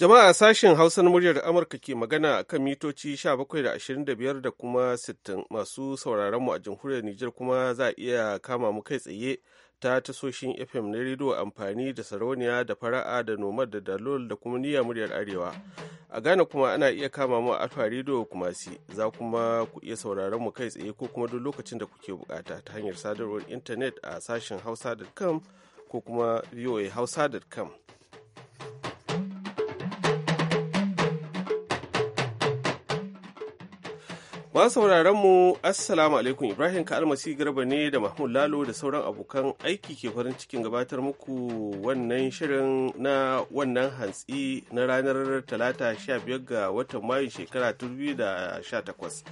Jama'a sashen Hausa muryar Amurka ke magana a kan mitoci 17.25 da kuma 60 masu sauraron mu a jamhuriyar Nijar kuma za a iya kama mu kai tsaye ta tasoshin FM na rediyo amfani da sarauniya da fara'a da nomad da dalol da kuma niyya muryar Arewa. A Ghana kuma ana iya kama mu a Alfa rediyo kuma si za kuma ku iya sauraron mu kai tsaye ko kuma duk lokacin da kuke bukata ta hanyar sadarwar intanet a sashen hausa.com ko kuma voahausa.com. Ma sauraron mu Assalamu alaikum Ibrahim Kalmasi Garba ne da Mahmud Lalo da sauran abokan aiki ke farin cikin gabatar muku wannan shirin na wannan hantsi na ranar talata sha biyar ga watan Mayu shekara da 2018.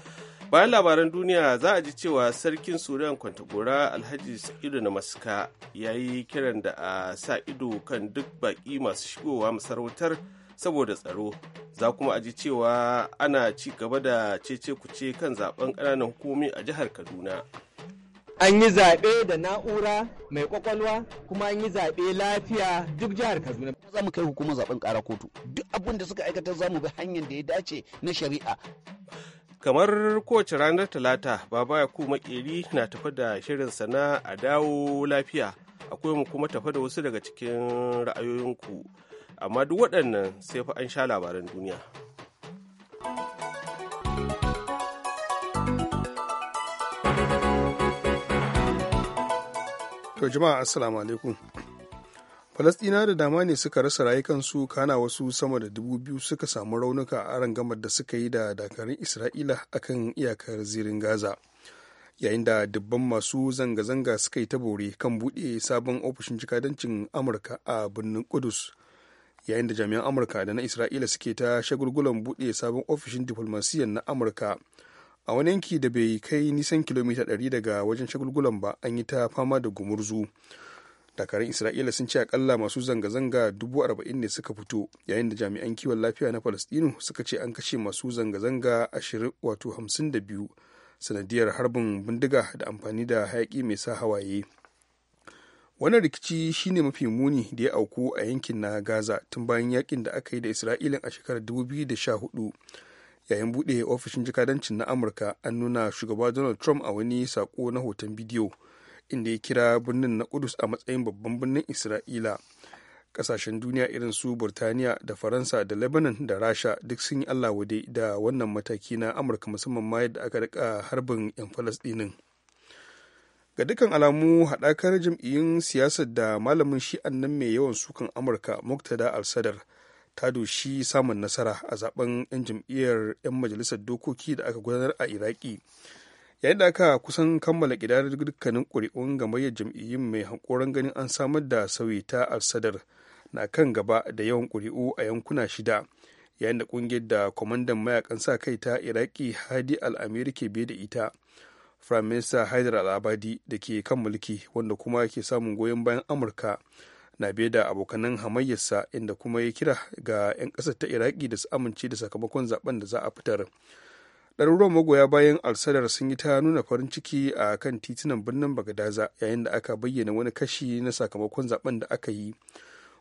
Bayan labaran duniya za a ji cewa sarkin Sudan Kwantagora Alhaji Sa'idu na Maska ya yi kiran da a sa ido kan duk baƙi masu shigowa masarautar saboda tsaro za kuma aji cewa ana ci gaba da cece kuce kan zaben ƙananan hukumi a jihar kaduna an yi zaɓe da na'ura mai kwakwalwa kuma an yi zaɓe lafiya duk jihar kaduna za mu kai hukumar zaben ƙara kotu duk abin da suka aikata za mu bi hanyar da ya dace na shari'a kamar kowace ranar talata baba yaku makeri na tafa da shirin sana a dawo lafiya akwai mu kuma tafa da wasu daga cikin ra'ayoyinku amma duk waɗannan sai fa an sha labaran duniya. To jama'a assalamu alaikum. Falasɗina da dama ne suka rasa rayukansu kana wasu sama da dubu biyu suka samu raunuka a gamar da suka yi da dakarun Isra'ila akan iyakar zirin Gaza. Yayin da dubban masu zanga-zanga suka yi ta bore kan buɗe sabon ofishin jikadancin Amurka a birnin Kudus yayin da jami'an amurka da na isra'ila suke ta shagulgulan buɗe sabon ofishin diflomasiyyar na amurka a wani yanki da bai kai nisan kilomita 100 daga wajen shagulgulan ba an yi ta fama da gumurzu dakarun isra'ila sun ce akalla masu zanga-zanga 40,000 ne suka fito yayin da jami'an kiwon lafiya na palestinu suka ce an kashe masu zanga-zanga 52 sanadiyar harbin bindiga da amfani da hayaki mai sa hawaye wannan rikici shine mafi muni da ya auku a yankin na gaza tun bayan yakin da aka yi da isra'ilin a shekarar 2014 yayin buɗe ofishin jikadancin na amurka an nuna shugaba donald trump a wani sako na hoton bidiyo inda ya kira birnin na kudus a matsayin babban birnin isra'ila kasashen duniya irin su burtaniya da faransa da lebanon da rasha duk sun yi allah wade da wannan mataki na amurka musamman ma yadda aka rika harbin 'yan falasɗinin ga dukkan alamu haɗakar jam'iyyun siyasar da malamin shi'an nan mai yawan sukan amurka muktada al-sadar ta doshi samun nasara a zaben 'yan jam'iyyar 'yan majalisar dokoki da aka gudanar a iraki yayin da aka kusan kammala gidanar dukkanin ƙuri'un gamayyar jam'iyyun mai hankoron ganin an samar da sauyi ta al-sadar na kan gaba da yawan ƙuri'u a yankuna shida yayin da ƙungiyar da kwamandan mayakan sa kai ta iraki hadi al-amir ke biye da ita Prime Minister Haidar al da ke kan mulki wanda kuma ke samun goyon bayan Amurka na biye da abokanan hamayyarsa inda kuma ya kira ga 'yan ƙasar ta Iraki da su amince da sakamakon zaben da za a fitar. Ɗaruruwan magoya bayan alsadar sun yi ta nuna farin ciki a kan titunan birnin bagdaza yayin da aka bayyana wani kashi na sakamakon zaben da aka yi.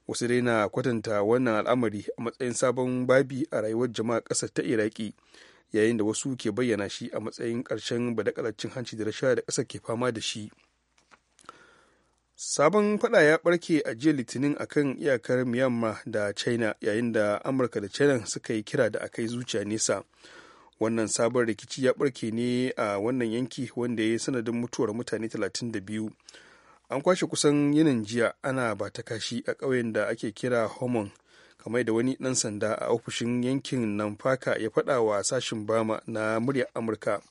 Wasu dai na kwatanta wannan al'amari a matsayin sabon babi a rayuwar jama'a ƙasar ta Iraki. yayin da wasu ke bayyana shi a matsayin ƙarshen badakalacin hanci da rashawa da ƙasar ke fama da shi sabon fada ya barke a jiya litinin akan iyakar myanmar da china yayin da amurka da china suka yi kira da akai zuciya nesa wannan sabon rikici ya barke ne a wannan yanki wanda ya yi sanadin mutuwar mutane 32 an kwashe kusan yinin jiya ana ba ta kashi a ƙauyen da ake kira homon kamar da wani dan sanda a ofishin yankin Namfaka ya faɗa wa sashin Bama na muryar Amurka.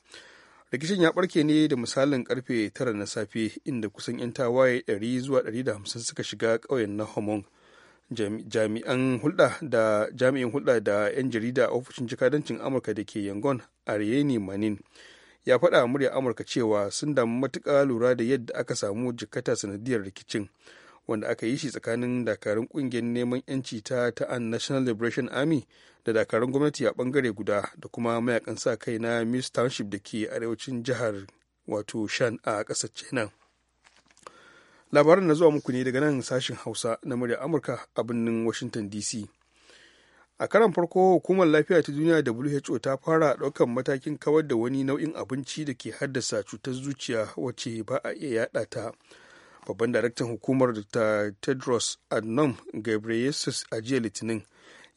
Rikicin ya ɓarke ne da misalin karfe tara na safe inda kusan 'yan tawaye 100 zuwa 150 suka shiga ƙauyen na Homong. jami'an hulɗa da jami'in hulɗa da 'yan jarida a ofishin jikadancin amurka da ke yangon ariyeni manin ya faɗa murya amurka cewa sun damu matuƙa lura da yadda aka samu jikata sanadiyar rikicin wanda aka yi shi tsakanin dakarun kungiyar neman yanci ta ta'an national liberation army da dakarun gwamnati a bangare guda da kuma mayakan sa kai na miss township da ke arewacin jihar wato shan a ƙasar china labaran na zuwa muku ne daga nan sashen hausa na murya amurka a birnin washington dc a karan farko hukumar lafiya ta duniya who ta fara ɗaukan matakin kawar da wani nau'in abinci da ke haddasa cutar zuciya wacce ba a iya yada ta babban daraktan hukumar ta tedros adnom ghebreyesus a jiya litinin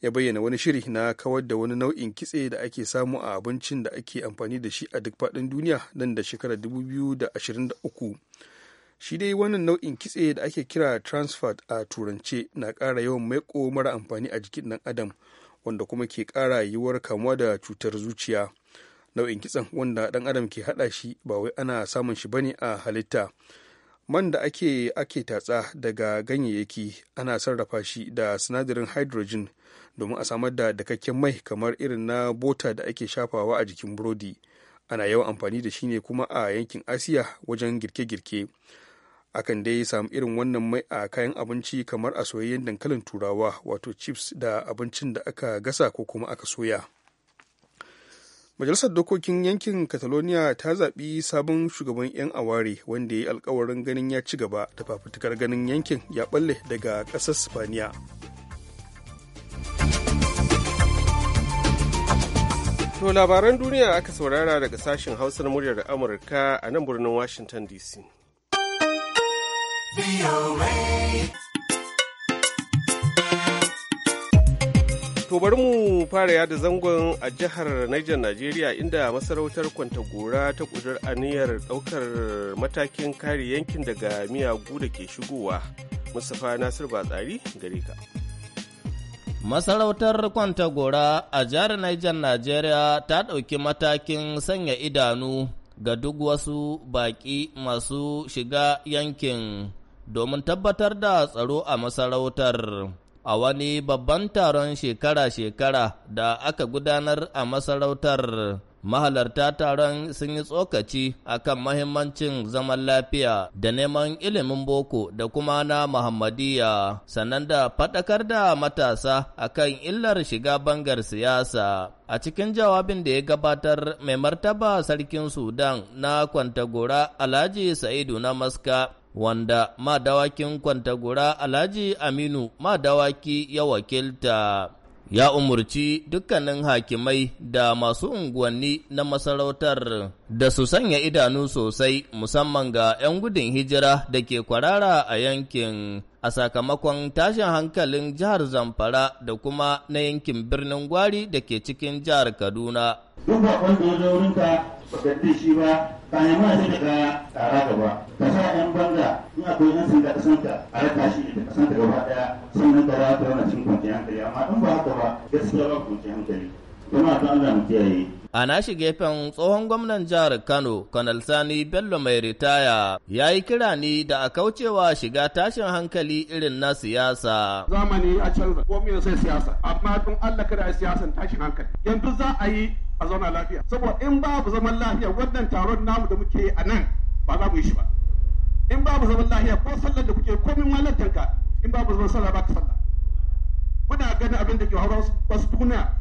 ya bayyana wani shiri na kawar da wani nau'in kitse da ake samu a abincin da ake amfani da shi a duk faɗin duniya nan da shekarar 2023 shi dai wannan nau'in kitse da ake kira transfat a turance na ƙara yawan maiko mara amfani a jikin ɗan adam wanda kuma ke ƙara yiwuwar kamuwa da cutar zuciya nau'in kitsen wanda ɗan adam ke haɗa shi ba wai ana samun shi bane a halitta man da ake ake tatsa daga ganyayyaki ana sarrafa shi da sinadarin hydrogen domin a samar da dakakken mai kamar irin na bota da ake shafawa a jikin burodi ana yawan amfani da shi ne kuma a yankin asiya wajen girke-girke akan dai samu irin wannan mai a kayan abinci kamar a soyayyen dankalin turawa wato chips da abincin da aka gasa ko kuma aka soya. majalisar dokokin yankin catalonia ta zaɓi sabon shugaban 'yan aware wanda ya yi alkawarin ganin ya ci gaba da fafutukar ganin yankin ya balle daga ƙasar spaniya to labaran duniya aka saurara daga sashen hausar muryar amurka a nan birnin washington dc To bari mu fara yada zangon a jihar Niger Najeriya inda masarautar kwanta-gora ta kudur aniyar ɗaukar matakin kare yankin daga miyagu da ke shigowa. Mustapha Nasir Batsari gare ka. Masarautar Kwantagora a jihar Niger Najeriya ta ɗauki matakin sanya idanu ga duk wasu baƙi masu shiga yankin domin tabbatar da tsaro a masarautar. a wani babban taron shekara-shekara da aka gudanar a masarautar mahalarta taron sun yi tsokaci akan mahimmancin zaman lafiya da neman ilimin boko da kuma na muhammadiyya sannan da faɗakar da matasa akan illar shiga bangar siyasa a cikin jawabin da ya gabatar mai martaba sarkin sudan na kwantagora alhaji sa'idu na maska wanda ma madawakin kwantagura Alhaji Aminu ma madawaki ya wakilta. Ya umurci dukkanin hakimai da masu unguwanni na masarautar da su sanya idanu sosai musamman ga 'yan gudun hijira da ke kwarara a yankin a sakamakon tashin hankalin jihar Zamfara da kuma na yankin birnin Gwari da ke cikin jihar Kaduna. baka shi ba bayan ma sai daga tsara gaba ka sa yan banza in akwai yan sanda kasan ta a raka shi da kasan ta gaba daya sannan ka za ta wani cikin kwanciyar hankali amma in ba haka ba gaskiya ba kwanciyar hankali kuma ta Allah mu kiyaye Ana shige gefen tsohon gwamnan jihar Kano, Kanal Sani Bello mai ritaya, ya yi kira ni da a kaucewa shiga tashin hankali irin na siyasa. Zamani a canza, komai sai siyasa, amma don Allah kada a siyasan tashin hankali. Yanzu za a yi a zauna lafiya. Saboda in babu zaman lafiya wannan taron namu da muke a nan ba za mu yi shi ba. In babu zaman lafiya ko sallar da kuke komin malantanka in babu zaman sallah ba ka sallah. Muna ganin abin da ke hawa wasu duniya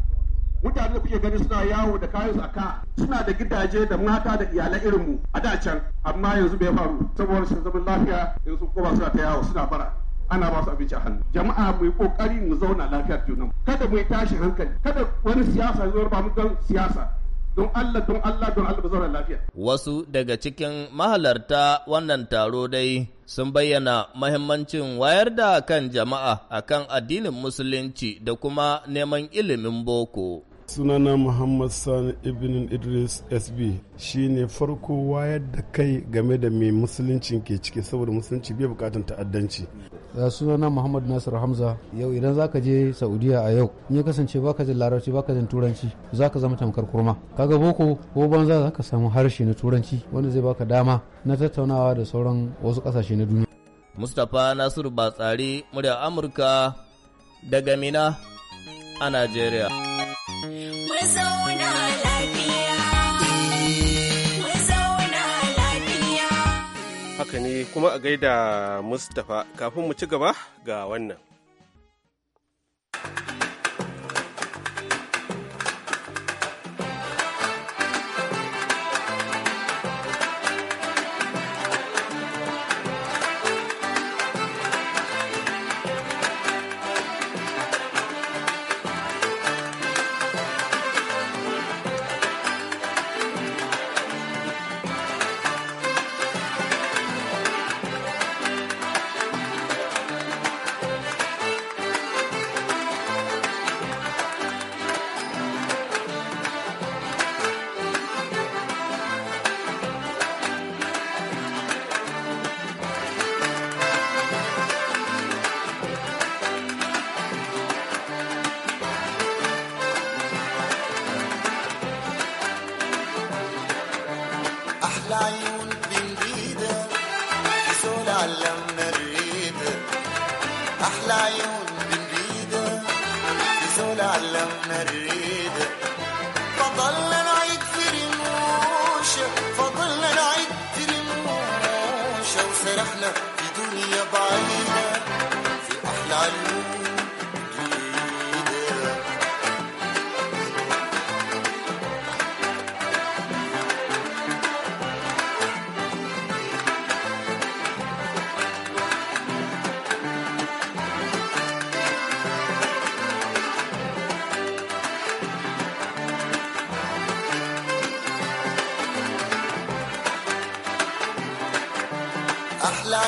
mutane da kuke gani suna yawo da kayan su aka suna da gidaje da mata da iyalai irin mu a da can amma yanzu bai faru saboda shi zaman lafiya yanzu kuma suna ta yawo suna bara ana ba su abinci a hannu jama'a mu yi kokari mu zauna lafiyar juna kada mu yi tashi hankali kada wani siyasa zo ba mu gan siyasa don Allah don Allah don Allah zauna lafiya. Wasu daga cikin mahalarta wannan taro dai sun bayyana mahimmancin wayar da kan jama'a akan addinin musulunci da kuma neman ilimin boko. sunana muhammad sani ibn idris sb shi ne farko wayar da kai game da mai musulunci ke ciki saboda musulunci bai bukatan ta'addanci sunana muhammad nasir hamza yau idan zaka je saudiya a yau in ya kasance baka jin larabci baka jin turanci zaka zama tamkar kurma ga boko ko banza zaka samu harshe na turanci wanda zai baka dama na tattaunawa da sauran wasu kasashe na duniya mustapha nasiru batsari murya amurka daga mina a nigeria. haka ne kuma a gaida Mustapha kafin mu ci gaba ga wannan.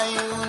Bye.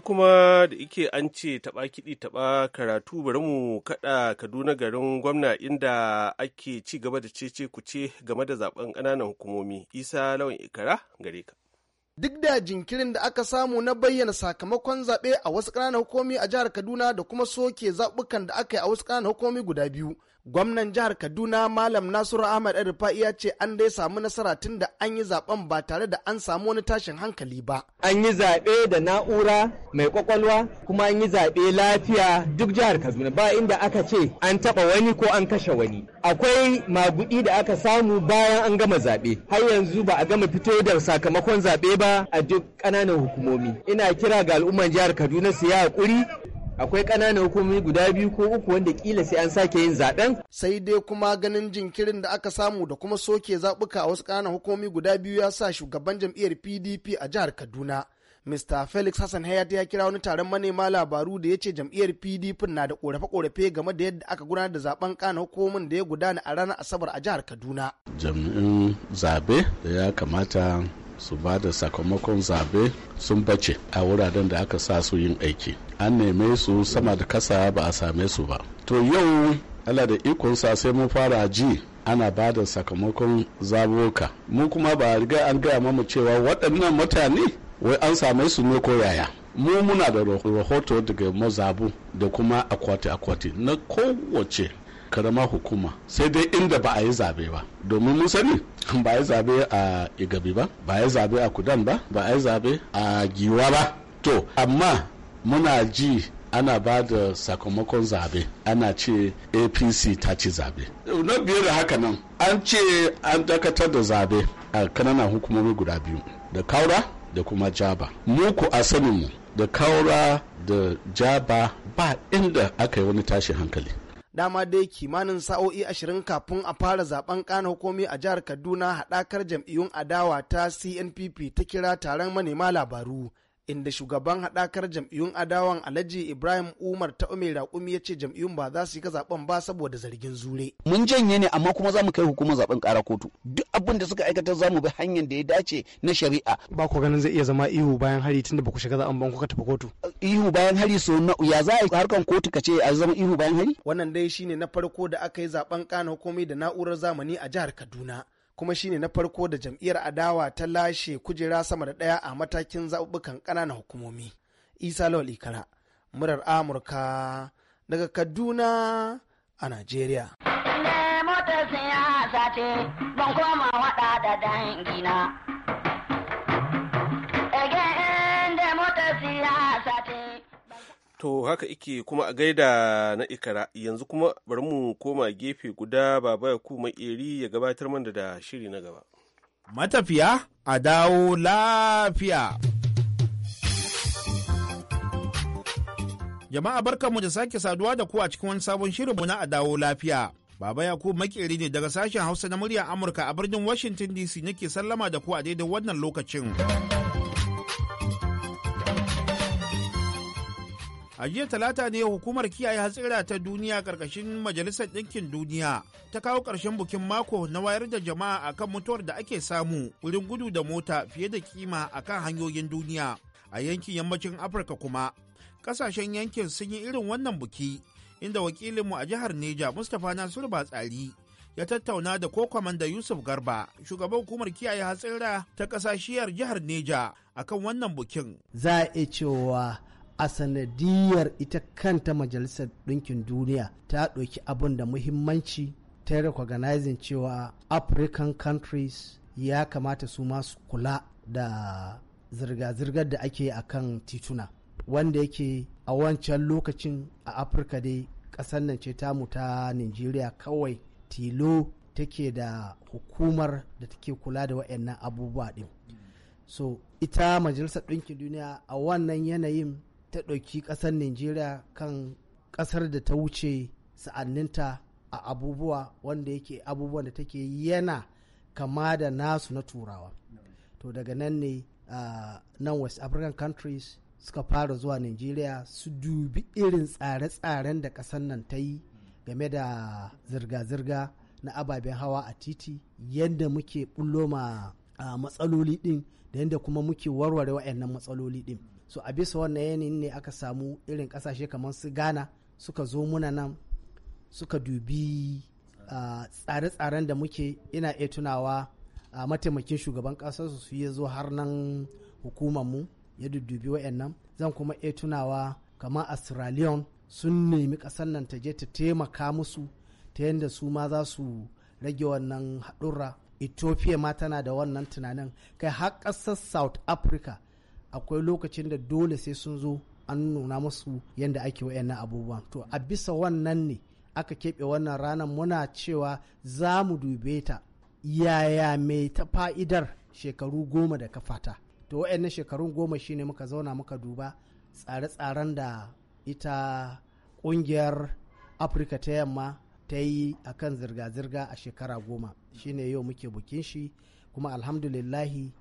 yanzu kuma da ike an ce taɓa kiɗi taɓa karatu bari mu kaɗa kaduna garin gwamna inda ake ci gaba da cece kuce game da zaben ƙananan hukumomi isa lawan ikara gare ka duk da jinkirin da aka samu na bayyana sakamakon zaɓe a wasu ƙananan hukumi a jihar kaduna da kuma soke zaɓukan da aka yi a wasu ƙananan hukumi guda biyu gwamnan jihar kaduna malam nasiru ahmad rufa'i ya ce an dai samu nasara tun da an yi zaben ba tare da an samu wani tashin hankali ba an yi zaɓe da na'ura mai kwakwalwa kuma an yi zaɓe lafiya duk jihar kaduna ba inda aka ce an taɓa wani ko an kashe wani akwai magudi da aka samu bayan an gama zaɓe har yanzu ba a gama fito da sakamakon zaɓe ba a duk ƙananan hukumomi ina kira ga al'ummar jihar kaduna su yi haƙuri akwai ƙananan hukumomi guda biyu ko uku wanda kila sai an sake yin zaben. Sai dai kuma ganin jinkirin da aka samu da kuma soke zaɓuka a wasu ƙananan hukumomi guda biyu ya sa shugaban jam'iyyar PDP a jihar Kaduna. Mr. Felix Hassan Hayat ya kira wani taron manema labaru da ya ce jam'iyyar PDP na da korafe-korafe game da yadda aka gudanar da zaben kana hukumomin da ya gudana a ranar Asabar a jihar Kaduna. Jami'in zabe da ya kamata su ba da sakamakon zabe sun bace a wuraren da aka sa su yin aiki an neme su sama da kasa ba a same su ba to yau ala da ikonsa sai mun fara ji ana ba da sakamakon zaboka mu kuma ba riga an gaya mamu cewa waɗannan mutane wai an same su ne ko yaya mu muna da rahoto daga mazabu da kuma akwati-akwati na kowace karama hukuma sai dai inda ba a yi zabe ba domin mun sani ba a yi zabe a igabi ba ba a yi zabe a kudan ba ba a yi zabe a giwa ba to amma muna ji ana ba da sakamakon zabe ana ce apc ta ci zabe na biyu da haka nan an ce an dakatar da zabe a kananan hukumomi guda biyu da kaura da kuma jaba muku a saninmu da kaura da jaba ba inda aka yi wani tashi hankali dama dai kimanin sa'o'i ashirin kafin a fara zaben kana hukumi a jihar kaduna haɗakar jam'iyyun adawa ta cnpp ta kira taron manema labaru inda shugaban haɗakar jam'iyyun adawan alhaji ibrahim umar ta umar raƙumi ya ce jam'iyyun ba za su yi zaben ba saboda zargin zure mun janye ne amma kuma za mu kai hukumar zaben kara kotu duk abin da suka aikata za mu bi hanyar da ya dace na shari'a ba ku ganin zai iya zama ihu bayan hari tunda ba ku shiga zaben ban kuka tafi kotu ihu bayan hari so na ya za a yi harkan kotu ka ce a zama ihu bayan hari wannan dai shine na farko da aka yi zaben kana hukumi da na'urar zamani a jihar kaduna kuma shine na farko da jam'iyyar adawa ta lashe kujera sama da ɗaya a matakin zaɓuɓɓukan ƙananan hukumomi isa lawal ikara murar amurka daga kaduna a najeriya ne motar siyasa ce don koma waɗa da dangina To haka ike kuma a gaida na ikara yanzu kuma bari mu koma gefe guda baba ya kuma eri ya gabatar mana da shiri na gaba. Matafiya a dawo lafiya. Jama'a barkanmu da sake saduwa da ku a cikin wani sabon mu na a dawo lafiya. Baba ku makeri ne daga sashen Hausa na muryar Amurka a birnin Washington DC nake sallama da ku a daidai wannan lokacin. A jiya talata ne hukumar kiyaye hatsira ta duniya ƙarƙashin Majalisar Ɗinkin Duniya ta kawo ƙarshen bukin mako na wayar da jama'a akan mutuwar da ake samu wurin gudu da mota fiye da kima kan hanyoyin duniya. A yankin yammacin Afirka kuma, ƙasashen yankin sun yi irin wannan buki, inda wakilinmu a jihar Neja Mustapha Nasiru Batsari ya tattauna da ko kwamanda Yusuf Garba, shugaban hukumar kiyaye hatsira ta ƙasashiyar jihar Neja akan wannan bukin. Za a cewa a sanadiyar ita kanta majalisar ɗinkin duniya ta ɗauki abin da muhimmanci ta recognizing cewa african countries ya kamata su masu kula da zirga-zirgar da ake a kan tituna wanda yake a wancan lokacin a afirka dai ƙasar nan ce tamu ta nigeria kawai tilo take da hukumar da take kula da waɗannan abubuwa ɗin so ita majalisar ɗinkin duniya a wannan yanayin ta ɗauki ƙasar Najeriya kan ƙasar da ta wuce sa'anninta a abubuwa wanda yake abubuwan da take yana kama da nasu na turawa to daga nan ne nan west african countries suka fara zuwa nigeria su dubi irin tsare-tsaren da ƙasar nan ta yi game da zirga-zirga na ababen hawa a titi yadda muke bullo ma matsaloli ɗin da yadda kuma muke warware wa'annan matsaloli ɗin. so a bisa wannan yanayin ne aka samu irin kasashe kamar su ghana suka zo muna nan suka dubi tsare-tsaren da muke ina iya tunawa a mataimakin shugaban kasar su ya zo har nan mu ya dudubi wa'annan zan kuma iya tunawa kamar a sun nemi kasar nan ta je ta taimaka musu ta yadda su ma za su rage wannan haɗurra ethiopia ma tana da wannan tunanin kai har ƙasar south africa akwai lokacin da dole sai sun zo an nuna musu yadda ake wayannan abubuwan to a bisa wannan ne aka keɓe wannan ranar muna cewa za mu dube ta yaya mai ta fa'idar shekaru goma da kafata to wayannan shekarun goma shine muka zauna muka duba tsare-tsaren da ita ƙungiyar afirka ta yamma ta yi a kan zirga-zirga a shekara goma shine yau muke bukin shi kuma alhamdulillahi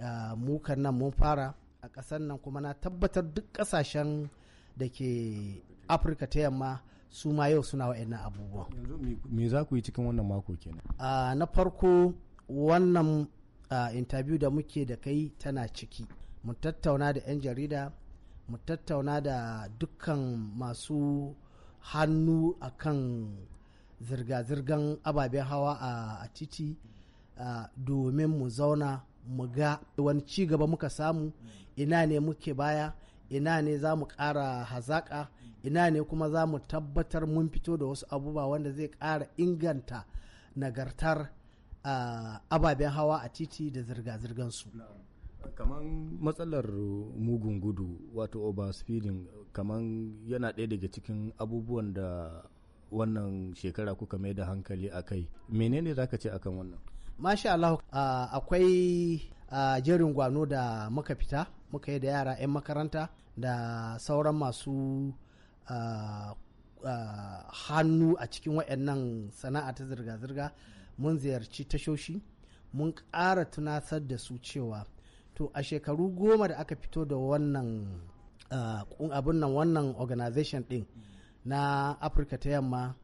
uh, ah, mukan nan mun fara a ƙasar nan kuma na tabbatar duk ƙasashen da ke afirka ta yamma su ma yau suna wa'annan abubuwan me za ku yi cikin wannan mako kenan na farko wannan interview da muke da kai tana ciki mu tattauna da 'yan jarida mu tattauna da dukkan masu hannu a kan zirga-zirgan ababen hawa a titi domin mu zauna mu ga wani ci gaba muka samu ina ne muke baya ina ne za mu ƙara hazaƙa ina ne kuma za mu tabbatar mun fito da wasu abubuwa wanda zai ƙara inganta nagartar ababen hawa a titi da zirga-zirgansu kamar matsalar mugun gudu wato overspeeding kamar yana ɗaya daga cikin abubuwan da wannan shekara kuka mai da hankali a kai menene za ka ce akan wannan masha Allah akwai jerin gwano da muka fita muka yi da yara 'yan makaranta da sauran masu hannu a cikin waɗannan sana'a ta zirga-zirga mun ziyarci tashoshi mun ƙara tunasar da su cewa to a shekaru goma da aka fito da wannan abin nan wannan organization ɗin na afirka ta yamma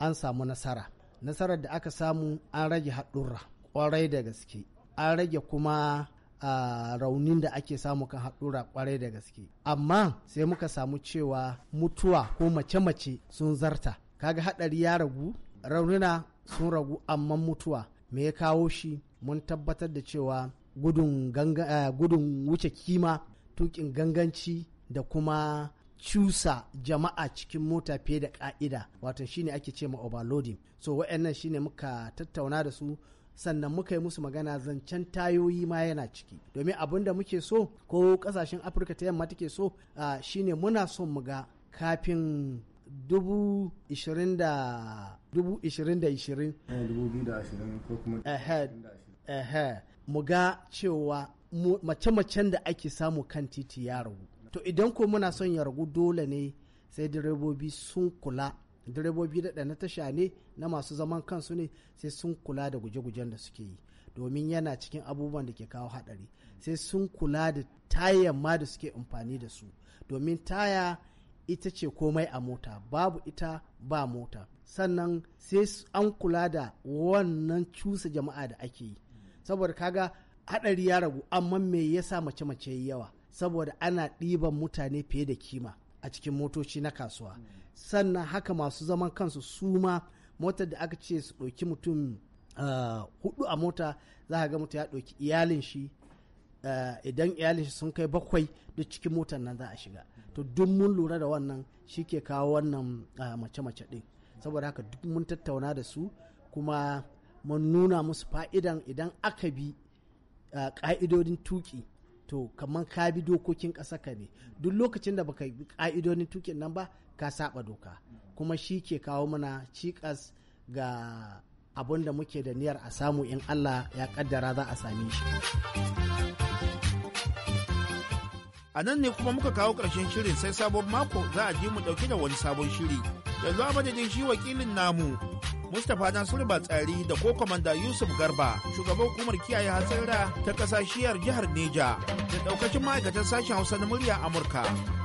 an samu nasara nasarar da aka samu an rage haɗurra kwarai da gaske an rage kuma a raunin da ake samu kan haɗura kwarai da gaske amma sai muka samu cewa mutuwa ko mace-mace sun zarta kaga haɗari ya ragu raunina sun ragu amma mutuwa me ya kawo shi mun tabbatar da cewa gudun, uh, wuce kima tukin ganganci da kuma cusa jama'a cikin mota fiye da ka'ida wato shine ake ce ma overloading so wa'annan shine muka tattauna da su sannan muka yi musu magana zancen tayoyi ma yana ciki domin abin da muke so ko kasashen afirka ta yamma take so shine muna son mu ga kafin dubu ishirin da dubu ishirin da ishirin eh, mu cewa mace-macen da ake samu kan titi ya ragu to idan ko muna son ya ragu dole ne sai direbobi sun kula direbobi da na tasha ne na masu zaman kansu ne sai sun kula da guje-gujen da suke yi domin yana cikin abubuwan da ke kawo haɗari sai sun kula da tayan ma da suke amfani da su domin taya ita ce komai a mota babu ita ba mota sannan sai an kula da wannan cusa jama'a da ake yi saboda kaga haɗari ya ragu amma me yasa mace-mace yawa saboda ana ɗiban mutane fiye da kima a cikin motoci na kasuwa sannan haka masu zaman kansu su ma motar da aka ce su ɗauki mutum ah, hudu a mota za ka ga mutum ya ɗauki iyalin shi ah, idan iyalin shi sun kai bakwai da cikin motar nan za a shiga to duk mun lura da wannan shi ke kawo wannan ah, mace-mace ɗin saboda haka duk mun tattauna da su kuma mun nuna musu fa'idan idan aka bi ƙa'idodin tuki to kamar ka bi dokokin ƙasa ka ne duk lokacin da baka bi ƙa'idodin tukin nan ba ka saba doka kuma shi ke kawo mana cikas ga abun da muke da niyyar a samu in Allah ya kaddara za a same shi. A nan ne kuma muka kawo ƙarshen shirin sai sabon mako za a ji mu ɗauki da wani sabon shiri. Yanzu a madadin shi wakilin namu Mustapha Nasiru Batsari da ko kwamanda Yusuf Garba, shugaban hukumar kiyaye hatsara ta kasashiyar jihar Neja da daukacin ma'aikatan sashen Hausa na murya Amurka.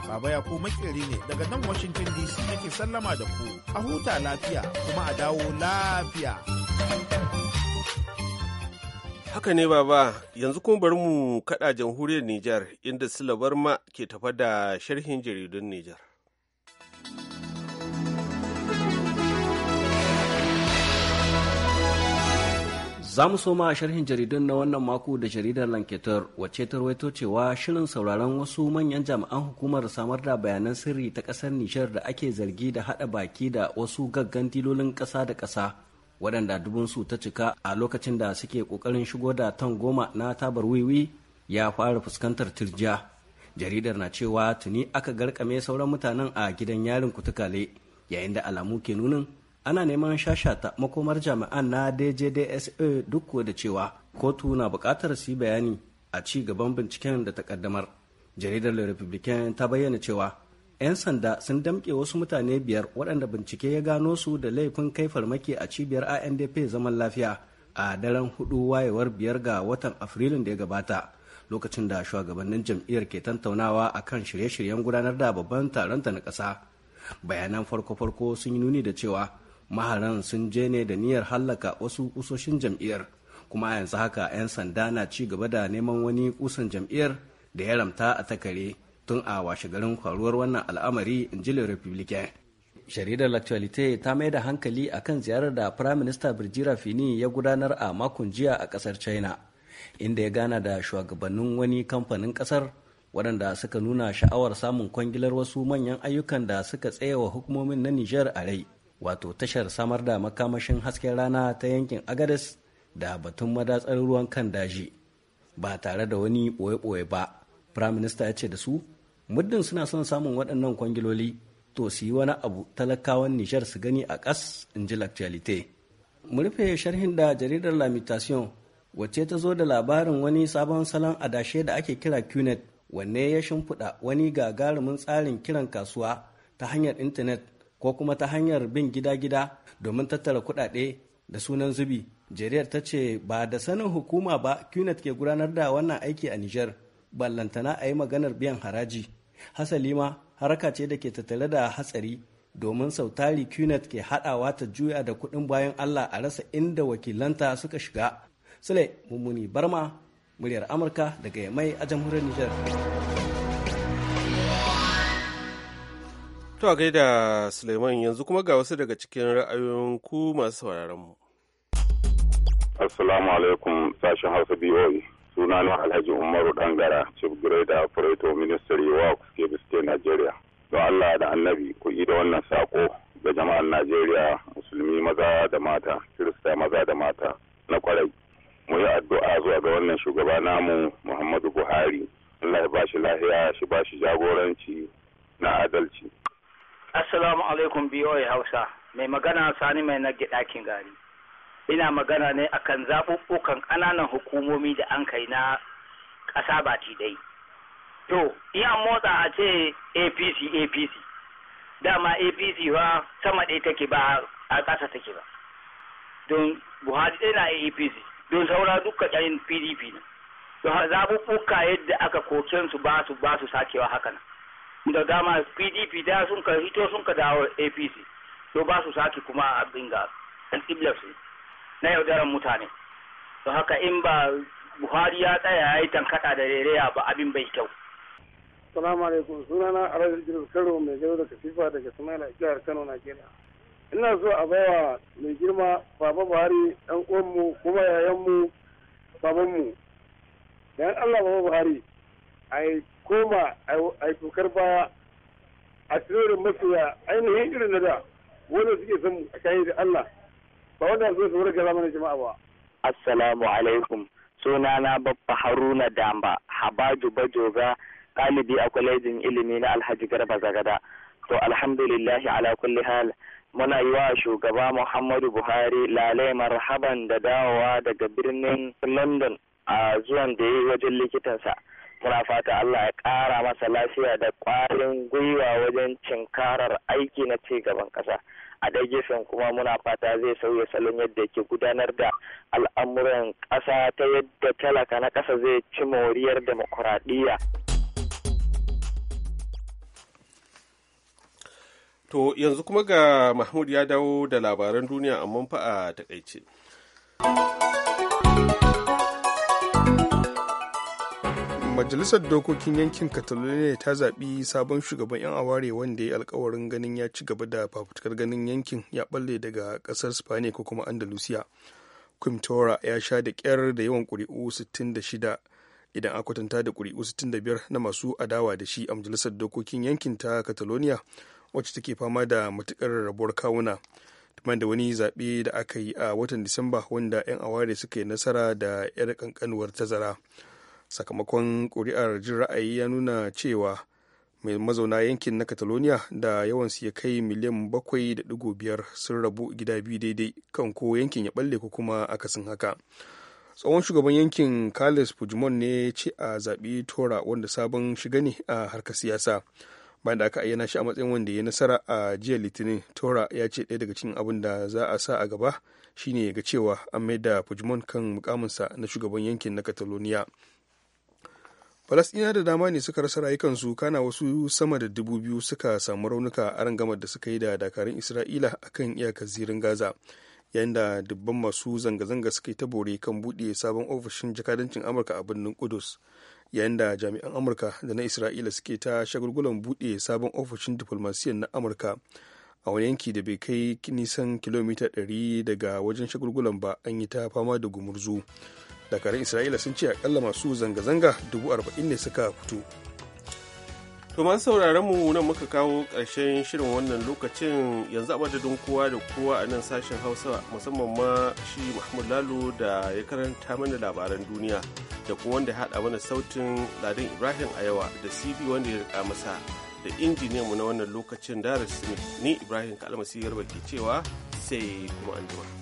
Baba ya ku makeri ne daga nan Washington DC nake sallama da ku. A huta lafiya kuma a dawo lafiya. Haka ne baba, yanzu kuma bari mu kada jamhuriyar Nijar inda Sila ma ke tafa da sharhin jaridun Nijar. Za mu soma a sharhin jaridun na wannan mako da jaridar lanketar wacce ta rawaito cewa shirin sauraron wasu manyan jami'an hukumar samar da bayanan sirri ta ƙasar Nishar da ake zargi da haɗa baki da wasu gaggan dilolin ƙasa da ƙasa waɗanda dubunsu ta cika a lokacin da suke ƙoƙarin shigo da tan goma na tabar wiwi ya fara fuskantar turjiya. Jaridar na cewa tuni aka garkame sauran mutanen a gidan yarin kutukale yayin da alamu ke nunin ana neman shashata makomar jami'an na djdsa duk da cewa kotu na bukatar su bayani a ci gaban binciken da ta kaddamar jaridar le republican ta bayyana cewa 'yan sanda sun damke wasu mutane biyar waɗanda bincike ya gano su da laifin kai farmaki a cibiyar INDP zaman lafiya a daren hudu wayewar biyar ga watan afrilun da ya gabata lokacin da shugabannin jam'iyyar ke tantaunawa a kan shirye-shiryen gudanar da babban taronta na ƙasa bayanan farko-farko sun yi nuni da cewa maharan sun je ne da niyyar hallaka wasu kusoshin jam'iyyar kuma yanzu haka 'yan sanda na ci gaba da neman wani kusan jam'iyyar da ya ramta a takare tun a washe garin faruwar wannan al'amari in ji le republican jaridar l'actualité ta mai da hankali kan ziyarar da prime minister birjira fini ya gudanar a makon jiya a kasar china inda ya gana da shugabannin wani kamfanin kasar waɗanda suka nuna sha'awar samun kwangilar wasu manyan ayyukan da suka tsaye wa hukumomin na niger a rai. wato tashar samar da makamashin hasken rana ta yankin agadis da batun madatsar ruwan kan daji ba tare da wani ɓoye-ɓoye ba prime minister ya ce da su muddin suna son samun waɗannan kwangiloli to su yi wani abu talakawan nijar su gani a ƙas in ji lactualite mu rufe sharhin da jaridar lamitation wacce ta zo da labarin wani sabon salon adashe da ake kira qnet wanne ya shimfiɗa wani gagarumin tsarin kiran kasuwa ta hanyar intanet ko kuma ta hanyar bin gida-gida domin tattara kuɗaɗe da sunan zubi. Jariyar ta ce ba da sanin hukuma ba QNET ke gudanar da wannan aiki a Nijar, ballantana a yi maganar biyan haraji. Hasali ma haraka ce da ke tattare da hatsari domin sautari tari ke hadawa ta juya da kuɗin bayan Allah a rasa inda wakilanta suka shiga. Sule Mummuni Barma, muryar Amurka daga Yamai a jamhuriyar Nijar. To a gaida Suleiman yanzu kuma ga wasu daga cikin ra'ayoyin ku masu sauraron mu. Assalamu alaikum sashen Hausa BOE. Suna na Alhaji Umaru Dangara, Chief Grader Operator Ministry Work Kebbi State Nigeria. do Allah da Annabi ku yi da wannan sako ga jama'an Najeriya musulmi maza da mata, Kirista maza da mata na kwarai. Mu yi addu'a zuwa ga wannan shugaba namu Muhammadu Buhari. Allah ya bashi lahiya, shi bashi jagoranci na adalci. Assalamu alaikum BOA Hausa, mai magana sani mai nage ɗakin gari. Ina magana ne akan zaɓuɓɓukan ƙananan hukumomi da an kai na ƙasa ba dai. To, iya motsa a ce APC APC, dama APC ba sama ɗaya take ba a ƙasa take ba. Don Buhari ɗaya na APC, don saura duka ƙarin PDP ne. Don zaɓuɓɓuka yadda aka kokensu ba su ba su sakewa haka nan. da dama pdp da sun ka hito sun ka dawo apc to ba su sake kuma a binga alƙiblar su na yaudaran mutane to haka in ba buhari ya tsaya ya yi tankaɗa da rereya ba abin bai kyau salamu alaikum sunana alhaji jirgin karo mai gado da kasifa daga samaila jihar kano najeriya ina so a bawa mai girma baba buhari dan uwanmu kuma yayanmu babanmu dan allah baba buhari a koma a yi tokar baya a tsirorin masoya ainihin irin na da wanda suke son kayi da Allah ba wanda zai su gaza mana jama'a ba. Assalamu alaikum sunana babba Haruna Damba Habaju Bajoga ɗalibi a kwalejin ilimi na Alhaji Garba Zagada. To alhamdulillahi ala kulli hal muna yi wa shugaba Muhammadu Buhari lalai marhaban da dawowa daga birnin London a zuwan da ya yi wajen likitansa. muna fata Allah ya ƙara masa lafiya da ƙwarin gwiwa wajen cinkarar aiki na ci gaban ƙasa a dai gefen kuma muna fata zai sauya salon yadda ke gudanar da al'amuran ƙasa ta yadda talaka na ƙasa zai ci moriyar demokuraɗiyya. To yanzu kuma ga Mahmud ya dawo da labaran duniya amma fa a takaice. majalisar dokokin yankin catalonia ta zaɓi sabon shugaban 'yan aware wanda ya yi alkawarin ganin ya ci gaba da fafutukar ganin yankin ya balle daga ƙasar spaniya ko kuma andalusia quimtora ya sha da ƙyar da yawan ƙuri'u 66 idan a kwatanta da ƙuri'u 65 na masu adawa da shi a majalisar dokokin yankin ta catalonia wacce take fama da matuƙar rabuwar kawuna kamar da wani zaɓe da aka yi a watan disamba wanda 'yan aware suka yi nasara da 'yar ƙanƙanuwar tazara sakamakon kuri'ar jin ra'ayi ya nuna cewa mai mazauna yankin na catalonia da yawan su ya kai miliyan bakwai da digo biyar sun rabu gida biyu daidai kan ko yankin ya balle ko kuma akasin haka tsohon shugaban yankin carles puigdemont ne ce a zaɓi tora wanda sabon shiga ne a harkar siyasa bayan da aka ayyana shi a matsayin wanda ya nasara a jiya litinin tora ya ce ɗaya daga cikin abin da za a sa a gaba shine ga cewa an mai da puigdemont kan mukaminsa na shugaban yankin na catalonia falasɗina da dama ne suka rasa rayukansu kana wasu sama da dubu biyu suka samu raunuka a rangamar da suka yi da dakarun isra'ila a kan iyakar zirin gaza yayin da dubban masu zanga-zanga suka yi ta bore kan buɗe sabon ofishin jakadancin amurka a birnin kudus yayin da jami'an amurka da na isra'ila suke ta shagulgulan buɗe sabon ofishin diflomasiyyar na amurka a wani yanki da bai kai nisan kilomita 100 daga wajen shagulgulan ba an yi ta fama da gumurzu dakarun isra'ila sun ce akalla masu zanga-zanga dubu arba'in ne suka fito to masu sauraron mu nan muka kawo ƙarshen shirin wannan lokacin yanzu a madadin kowa da kowa a nan sashen hausa musamman ma shi mahmud lalo da ya karanta mana labaran duniya da kuma wanda haɗa mana sautin ladin ibrahim ayawa da cd wanda ya riƙa masa da injiniyan mu na wannan lokacin darasi ni ibrahim kalmasi garba ke cewa sai kuma anjima.